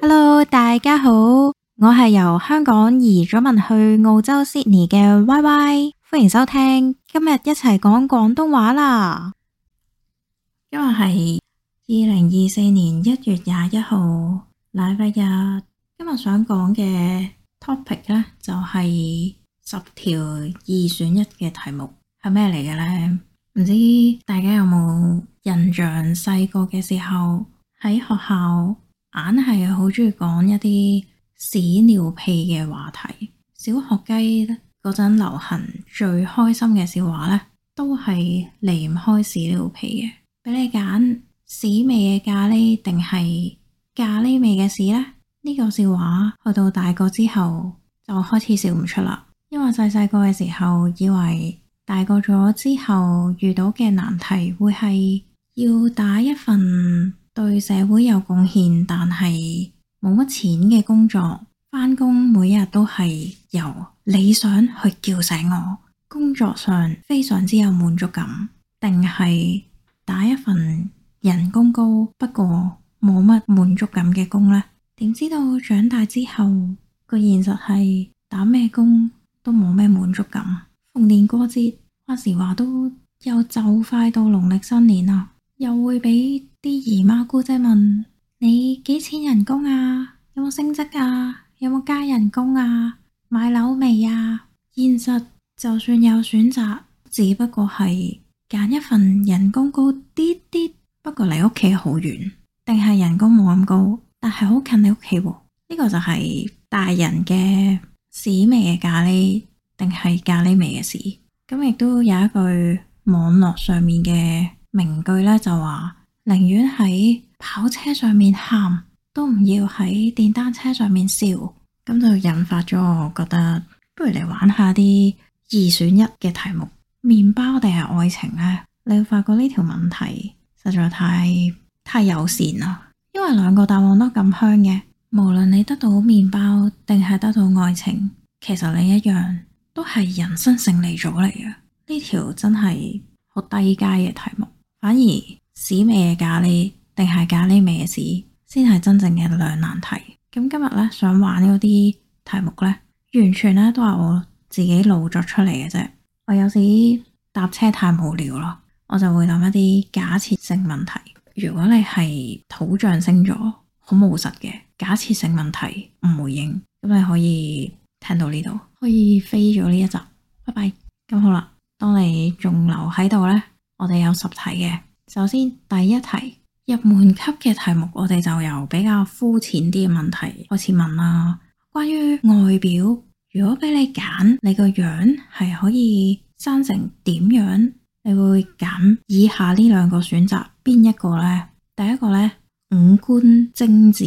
Hello，大家好，我係由香港移咗民去澳洲 Sydney 嘅 Y Y，歡迎收聽今日一齊講廣東話啦。今日係二零二四年一月廿一號，禮拜日。今日想講嘅 topic 呢，就係十條二選一嘅題目，係咩嚟嘅呢？唔知大家有冇印象，細個嘅時候喺學校，硬係好中意講一啲屎尿屁嘅話題。小學雞嗰陣流行最開心嘅笑話呢，都係離唔開屎尿屁嘅。俾你揀屎味嘅咖喱定係咖喱味嘅屎呢？呢個笑話去到大個之後就開始笑唔出啦，因為細細個嘅時候以為。大個咗之後，遇到嘅難題會係要打一份對社會有貢獻但係冇乜錢嘅工作，返工每日都係由理想去叫醒我，工作上非常之有滿足感，定係打一份人工高不過冇乜滿足感嘅工呢？點知道長大之後個現實係打咩工都冇咩滿足感？逢年過節，話時話都又就快到農曆新年啦，又會俾啲姨媽姑姐問你幾錢人工啊？有冇升職啊？有冇加人工啊？買樓未啊？現實就算有選擇，只不過係揀一份人工高啲啲，不過離屋企好遠；定係人工冇咁高，但係好近你屋企。呢、呢個就係大人嘅屎味嘅咖喱。定係咖喱味嘅屎，咁亦都有一句網絡上面嘅名句呢，就話寧願喺跑車上面喊，都唔要喺電單車上面笑。咁就引發咗我，覺得不如嚟玩下啲二選一嘅題目，麵包定係愛情呢？你會發覺呢條問題實在太太友善啦，因為兩個答案都咁香嘅，無論你得到麵包定係得到愛情，其實你一樣。都係人生勝利組嚟嘅，呢條真係好低階嘅題目。反而屎味嘅咖喱定係咖喱味嘅屎，先係真正嘅兩難題。咁今日咧想玩嗰啲題目呢，完全咧都係我自己老作出嚟嘅啫。我有時搭車太無聊咯，我就會諗一啲假設性問題。如果你係土象星座，好務實嘅假設性問題唔回應，咁你可以聽到呢度。可以飛咗呢一集，拜拜。咁好啦，當你仲留喺度呢，我哋有十題嘅。首先第一題入門級嘅題目，我哋就由比較膚淺啲嘅問題開始問啦。關於外表，如果俾你揀，你個樣係可以生成點樣，你會揀以下呢兩個選擇邊一個呢？第一個呢，五官精致，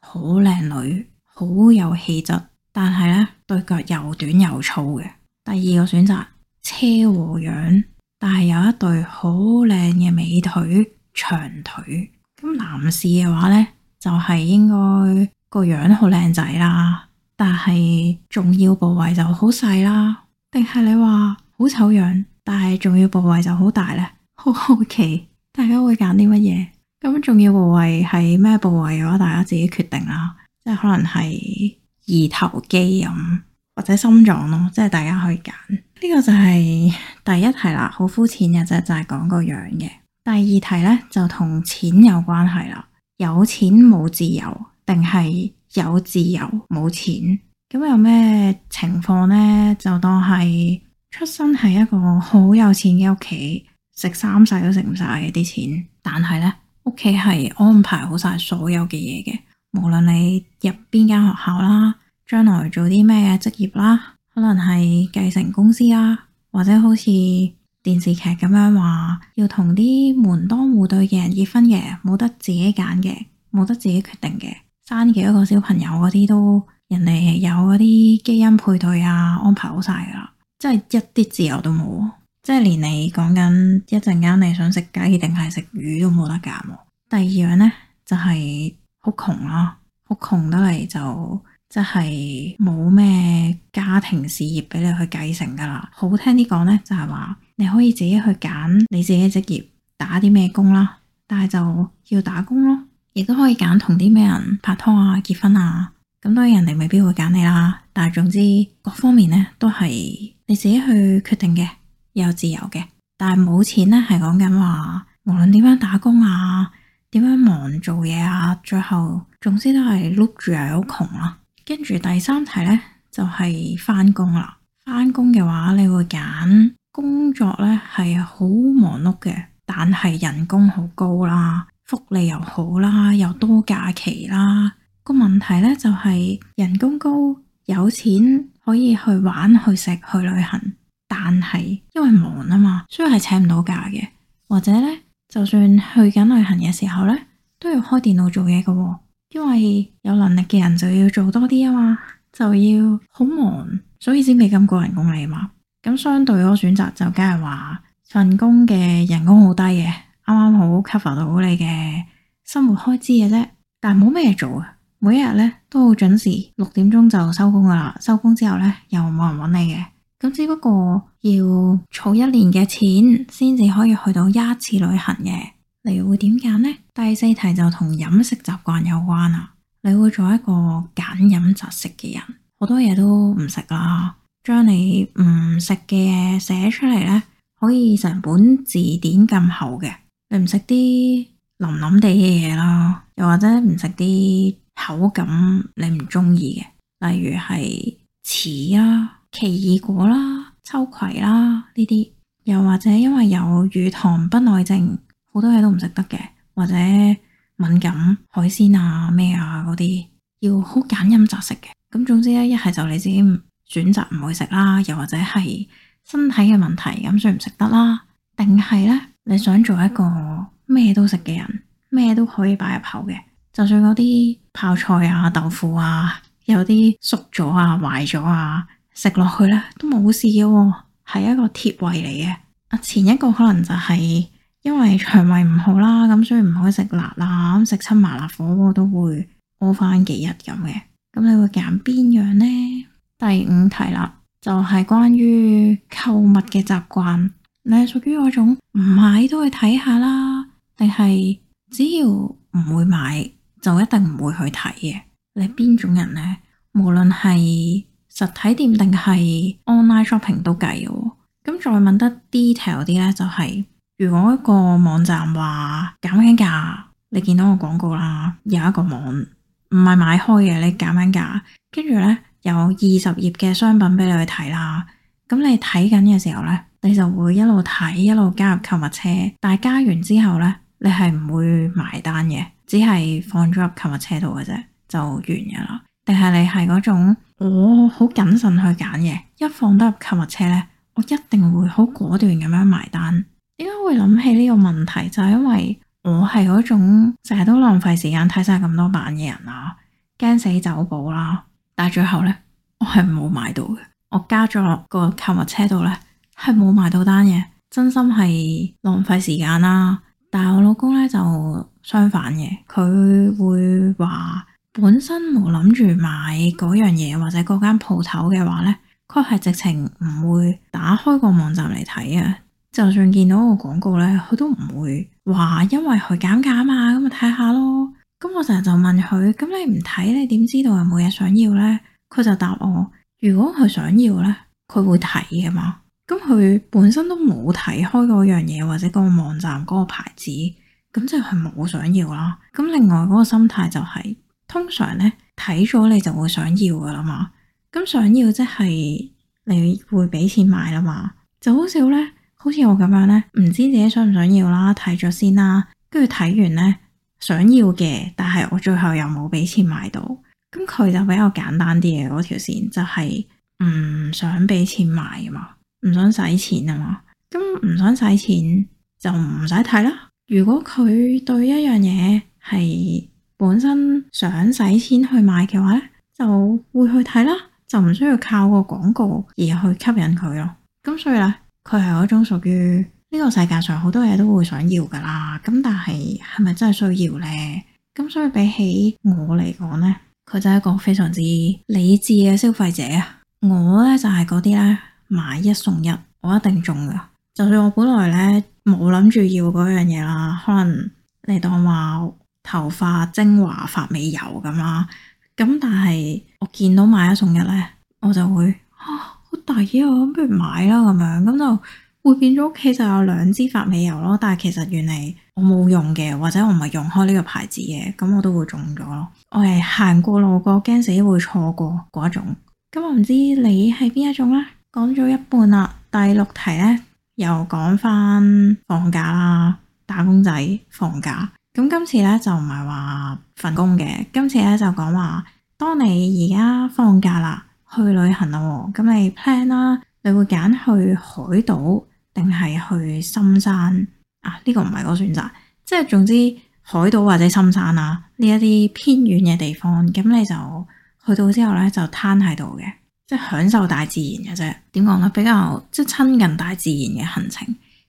好靚女，好有氣質。但係咧，對腳又短又粗嘅。第二個選擇，車和樣，但係有一對好靚嘅美腿長腿。咁男士嘅話呢，就係應該個樣好靚仔啦，但係重要部位就好細啦。定係你話好醜樣，但係重要部位就好大呢？好好奇，OK, 大家會揀啲乜嘢？咁重要部位係咩部位嘅話，大家自己決定啦。即係可能係。二頭肌咁或者心臟咯，即係大家可以揀呢、這個就係第一題啦，好膚淺嘅啫，就係、是、講個樣嘅。第二題呢，就同錢有關係啦，有錢冇自由，定係有自由冇錢？咁有咩情況呢？就當係出生係一個好有錢嘅屋企，食三世都食唔晒嘅啲錢，但係呢屋企係安排好晒所有嘅嘢嘅。無論你入邊間學校啦，將來做啲咩嘅職業啦，可能係繼承公司啦，或者好似電視劇咁樣話，要同啲門當戶對嘅人結婚嘅，冇得自己揀嘅，冇得自己決定嘅，生幾多個小朋友嗰啲都人哋係有嗰啲基因配對啊，安排好晒噶啦，真係一啲自由都冇，即係連你講緊一陣間，你想食雞定係食魚都冇得揀。第二樣呢，就係、是。好窮啊，好窮得嚟就即係冇咩家庭事業俾你去繼承噶啦。好聽啲講呢，就係話你可以自己去揀你自己職業，打啲咩工啦。但係就要打工咯，亦都可以揀同啲咩人拍拖啊、結婚啊。咁當然人哋未必會揀你啦。但係總之各方面呢，都係你自己去決定嘅，有自由嘅。但係冇錢呢，係講緊話無論點樣打工啊。點樣忙做嘢啊？最後總之都係碌住又好窮啦。跟住、啊、第三題呢，就係翻工啦。返工嘅話，你會揀工作呢係好忙碌嘅，但係人工好高啦，福利又好啦，又多假期啦。個問題呢，就係、是、人工高，有錢可以去玩、去食、去旅行，但係因為忙啊嘛，所以係請唔到假嘅，或者呢。就算去緊旅行嘅時候咧，都要開電腦做嘢㗎喎，因為有能力嘅人就要做多啲啊嘛，就要好忙，所以先俾咁高人工嚟啊嘛。咁相對我選擇就梗係話份工嘅人工好低嘅，啱啱好 cover 到你嘅生活開支嘅啫，但係冇咩嘢做啊，每一日咧都好準時，六點鐘就收工噶啦，收工之後呢，又冇人搵你嘅。咁只不過要儲一年嘅錢，先至可以去到一次旅行嘅。你會點揀呢？第四題就同飲食習慣有關啦。你會做一個揀飲擇食嘅人，好多嘢都唔食啦。將你唔食嘅嘢寫出嚟，呢，可以成本字典咁厚嘅。你唔食啲腍腍地嘅嘢咯，又或者唔食啲口感你唔中意嘅，例如係柿啊。奇異果啦、秋葵啦呢啲，又或者因為有乳糖不耐症，好多嘢都唔食得嘅，或者敏感海鮮啊咩啊嗰啲，要好揀飲擇食嘅。咁總之咧，一係就你自己選擇唔去食啦，又或者係身體嘅問題，咁所以唔食得啦，定係咧，你想做一個咩都食嘅人，咩都可以擺入口嘅，就算嗰啲泡菜啊、豆腐啊，有啲熟咗啊、壞咗啊。食落去咧都冇事嘅，係一個鐵胃嚟嘅。啊，前一個可能就係因為腸胃唔好啦，咁所以唔可以食辣啦，咁食親麻辣火鍋都會屙翻幾日咁嘅。咁你會揀邊樣呢？第五題啦，就係關於購物嘅習慣。你係屬於嗰種唔買都去睇下啦，定係只要唔會買就一定唔會去睇嘅？你邊種人呢？無論係。實體店定係 online shopping 都計嘅，咁再問得 detail 啲呢就係、是、如果一個網站話減緊價，你見到個廣告啦，有一個網唔係買開嘅，你減緊價，跟住呢，有二十頁嘅商品俾你去睇啦，咁你睇緊嘅時候呢，你就會一路睇一路加入購物車，但係加完之後呢，你係唔會埋單嘅，只係放咗入購物車度嘅啫，就完嘅啦。定係你係嗰種我好謹慎去揀嘢，一放得入購物車呢，我一定會好果斷咁樣埋單。點解會諗起呢個問題？就係因為我係嗰種成日都浪費時間睇晒咁多版嘅人啊，驚死走寶啦。但係最後呢，我係冇買到嘅，我加咗落個購物車度呢，係冇買到單嘅。真心係浪費時間啦。但係我老公呢，就相反嘅，佢會話。本身冇諗住買嗰樣嘢或者嗰間鋪頭嘅話呢，佢係直情唔會打開個網站嚟睇啊。就算見到個廣告呢，佢都唔會話因為佢減價嘛，咁咪睇下咯。咁我成日就問佢：「咁你唔睇你點知道有冇嘢想要呢？」佢就答我：「如果佢想要呢，佢會睇噶嘛。」咁佢本身都冇睇開嗰樣嘢或者嗰個網站嗰個牌子，咁即係冇想要啦。咁另外嗰個心態就係。通常咧睇咗你就會想要噶啦嘛，咁想要即係你會俾錢買啦嘛，就好少咧，好似我咁樣咧，唔知自己想唔想要啦，睇咗先啦，跟住睇完咧想要嘅，但係我最後又冇俾錢買到，咁佢就比較簡單啲嘅嗰條線，就係唔想俾錢買啊嘛，唔想使錢啊嘛，咁唔想使錢就唔使睇啦。如果佢對一樣嘢係，本身想使錢去買嘅話呢，就會去睇啦，就唔需要靠個廣告而去吸引佢咯。咁所以呢，佢係一種屬於呢個世界上好多嘢，都會想要噶啦。咁但係係咪真係需要呢？咁所以比起我嚟講呢，佢就係一個非常之理智嘅消費者啊。我呢，就係嗰啲呢，買一送一，我一定中噶。就算我本來呢冇諗住要嗰樣嘢啦，可能你當話。頭髮精華、髮尾油咁啦，咁但係我見到買一送一呢，我就會啊，好大益啊，我不如買啦咁樣，咁就會變咗屋企就有兩支髮尾油咯。但係其實原嚟我冇用嘅，或者我唔係用開呢個牌子嘅，咁我都會中咗咯。我係行過路過，驚死會錯過嗰一種。咁我唔知你係邊一種呢？講咗一半啦，第六題呢，又講翻放假啦，打工仔放假。咁今次咧就唔係話份工嘅，今次咧就講話，當你而家放假啦，去旅行啦，咁你 plan 啦，你會揀去海島定係去深山，啊這個、深山啊？呢個唔係個選擇，即係總之海島或者深山啦，呢一啲偏遠嘅地方，咁你就去到之後咧就攤喺度嘅，即係享受大自然嘅啫。點講咧？比較即係親近大自然嘅行程。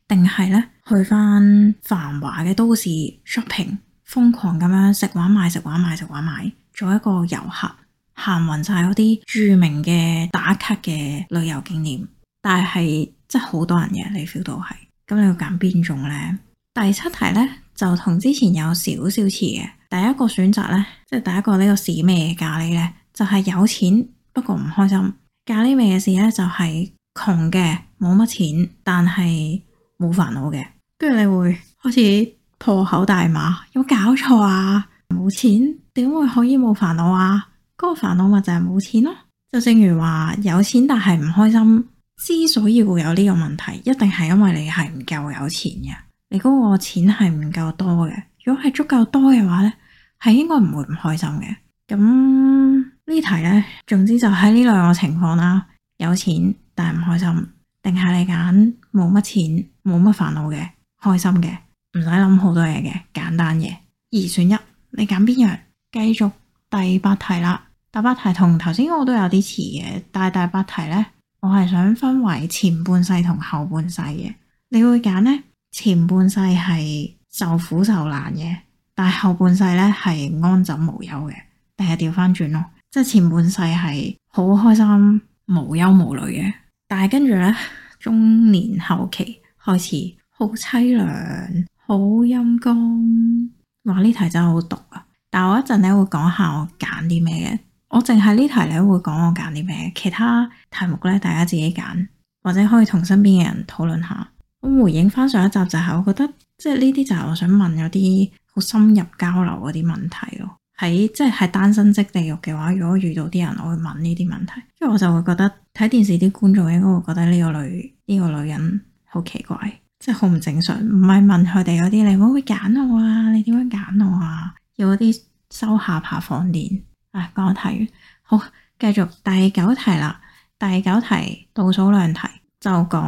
定係咧去翻繁華嘅都市 shopping，瘋狂咁樣食玩買食玩買食玩買，做一個遊客行匀晒嗰啲著名嘅打卡嘅旅遊景點，但係真係好多人嘅，你 feel 到係。咁你要揀邊種呢？第七題呢，就同之前有少少似嘅。第一個選擇呢，即係第一個呢個屎味嘅咖喱呢，就係、是、有錢不過唔開心。咖喱味嘅屎呢，就係窮嘅，冇乜錢，但係。冇煩惱嘅，跟住你會開始破口大罵，有冇搞錯啊？冇錢點會可以冇煩惱啊？嗰個煩惱咪就係冇錢咯。就正如話有錢但係唔開心，之所以會有呢個問題，一定係因為你係唔夠有錢嘅，你嗰個錢係唔夠多嘅。如果係足夠多嘅話呢，係應該唔會唔開心嘅。咁呢題呢，總之就係呢兩個情況啦：有錢但係唔開心，定係你揀冇乜錢。冇乜煩惱嘅，開心嘅，唔使諗好多嘢嘅，簡單嘅。二選一，你揀邊樣？繼續第八題啦，第八題同頭先我都有啲似嘅，但係第八題呢，我係想分為前半世同後半世嘅，你會揀呢？前半世係受苦受難嘅，但係後半世呢係安枕無憂嘅，定係調返轉咯，即係前半世係好開心無憂無慮嘅，但係跟住呢，中年後期。開始好淒涼，好陰公。哇！呢題真係好毒啊。但我一陣咧會講下我揀啲咩嘅。我淨係呢題咧會講我揀啲咩，其他題目咧大家自己揀或者可以同身邊嘅人討論下。我回應翻上一集就係，我覺得即係呢啲就係我想問嗰啲好深入交流嗰啲問題咯。喺即係係單身即地獄嘅話，如果遇到啲人，我會問呢啲問題，因為我就會覺得睇電視啲觀眾應該會覺得呢個女呢個女人。好奇怪，即係好唔正常，唔係問佢哋嗰啲，你會唔會揀我啊？你點樣揀我啊？有嗰啲收下巴放電，啊，講題，好，繼續第九題啦。第九題，第九題倒數兩題就講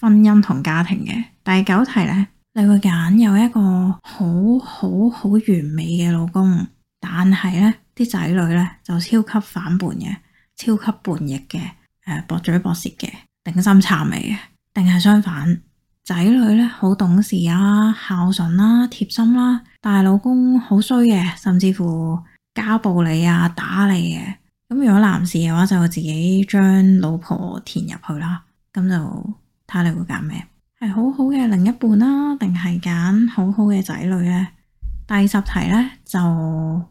婚姻同家庭嘅。第九題呢，你會揀有一個好好好完美嘅老公，但係呢啲仔女呢，就超級反叛嘅，超級叛逆嘅，誒、呃，駁嘴駁舌嘅，頂心插尾嘅。定係相反，仔女咧，好懂事啊、孝順啦、啊、貼心啦、啊，但係老公好衰嘅，甚至乎家暴你啊、打你嘅、啊。咁如果男士嘅話，就自己將老婆填入去啦。咁就睇下你會揀咩係好好嘅另一半啦、啊，定係揀好好嘅仔女呢？第十題呢，就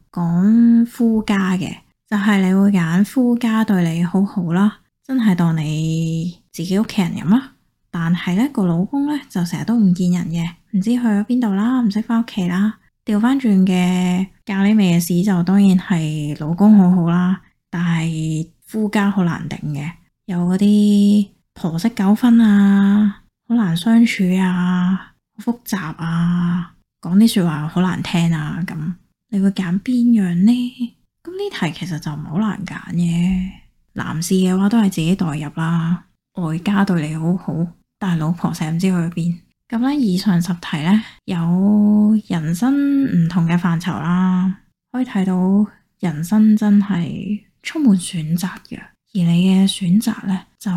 講夫家嘅，就係、是、你會揀夫家對你好好啦，真係當你自己屋企人咁啦。但係咧個老公咧就成日都唔見人嘅，唔知去咗邊度啦，唔識翻屋企啦。調翻轉嘅咖喱味嘅事就當然係老公好好啦，但係夫家好難頂嘅，有嗰啲婆媳糾紛啊，好難相處啊，好複雜啊，講啲說話好難聽啊咁。你會揀邊樣呢？咁呢題其實就唔好難揀嘅。男士嘅話都係自己代入啦，外家對你好好，但係老婆成日唔知去邊咁咧。以上十題呢，有人生唔同嘅範疇啦，可以睇到人生真係充滿選擇嘅，而你嘅選擇呢，就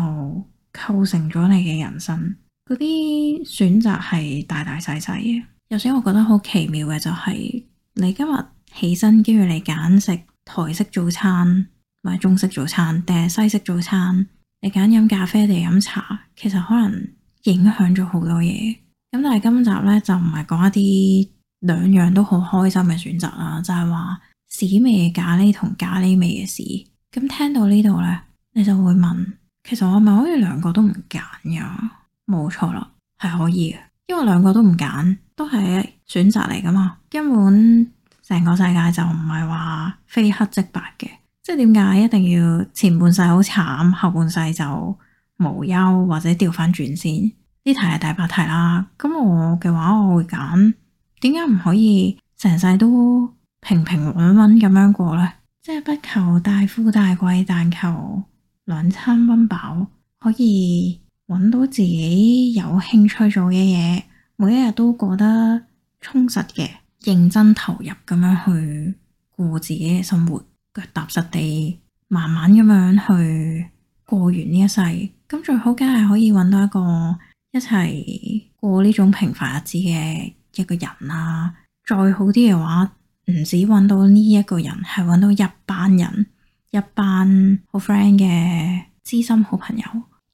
構成咗你嘅人生。嗰啲選擇係大大細細嘅。有時我覺得好奇妙嘅就係、是、你今日起身，跟住你揀食台式早餐、買中式早餐定係西式早餐，你揀飲咖啡定係飲茶，其實可能。影響咗好多嘢，咁但係今集呢，就唔係講一啲兩樣都好開心嘅選擇啦，就係話屎味嘅咖喱同咖喱味嘅屎。咁聽到呢度呢，你就會問，其實我係咪可以兩個都唔揀噶？冇錯啦，係可以嘅，因為兩個都唔揀都係選擇嚟噶嘛，根本成個世界就唔係話非黑即白嘅，即係點解一定要前半世好慘，後半世就？無憂或者調翻轉先，呢題係第八題啦。咁我嘅話我會揀，點解唔可以成世都平平穩穩咁樣過呢？即係不求大富大貴，但求兩餐溫飽，可以揾到自己有興趣做嘅嘢，每一日都過得充實嘅，認真投入咁樣去過自己嘅生活，腳踏實地，慢慢咁樣去過完呢一世。咁最好梗係可以搵到一個一齊過呢種平凡日子嘅一個人啦。再好啲嘅話，唔止搵到呢一個人，係搵到一班人，一班好 friend 嘅知心好朋友。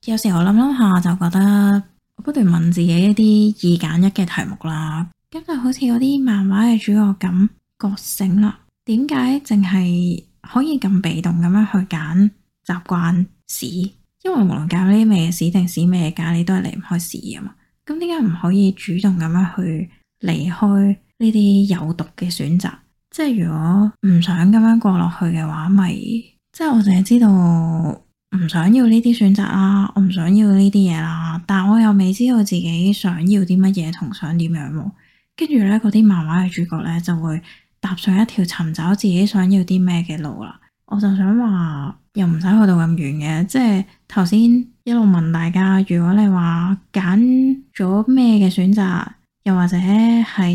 有時候我諗諗下，我就覺得我不斷問自己一啲二揀一嘅題目啦。咁就好似嗰啲漫畫嘅主角咁覺醒啦，點解淨係可以咁被動咁樣去揀習慣屎？因為無論教咩屎定屎咩教，你都係離唔開屎啊嘛。咁點解唔可以主動咁樣去離開呢啲有毒嘅選擇？即係如果唔想咁樣過落去嘅話，咪即係我淨係知道唔想要呢啲選擇啦，我唔想要呢啲嘢啦。但我又未知道自己想要啲乜嘢同想點樣。跟住咧，嗰啲漫畫嘅主角咧就會踏上一條尋找自己想要啲咩嘅路啦。我就想話，又唔使去到咁遠嘅，即係頭先一路問大家，如果你話揀咗咩嘅選擇，又或者喺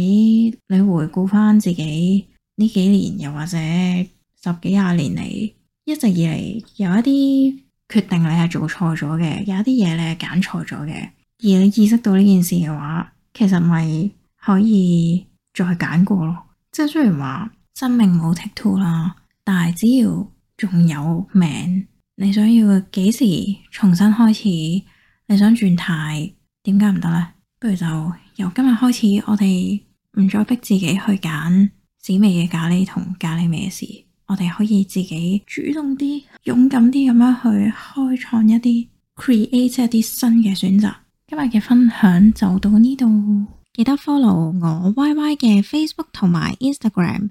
你回顧翻自己呢幾年，又或者十幾廿年嚟一直以嚟有一啲決定你係做錯咗嘅，有一啲嘢你係揀錯咗嘅，而你意識到呢件事嘅話，其實咪可以再揀過咯。即係雖然話生命冇 take two 啦。但係只要仲有命，你想要幾時重新開始，你想轉態，點解唔得呢？不如就由今日開始，我哋唔再逼自己去揀屎味嘅咖喱同咖喱味嘅屎，我哋可以自己主動啲、勇敢啲咁樣去開創一啲 create 一啲新嘅選擇。今日嘅分享就到呢度，記得 follow 我 Y Y 嘅 Facebook 同埋 Instagram。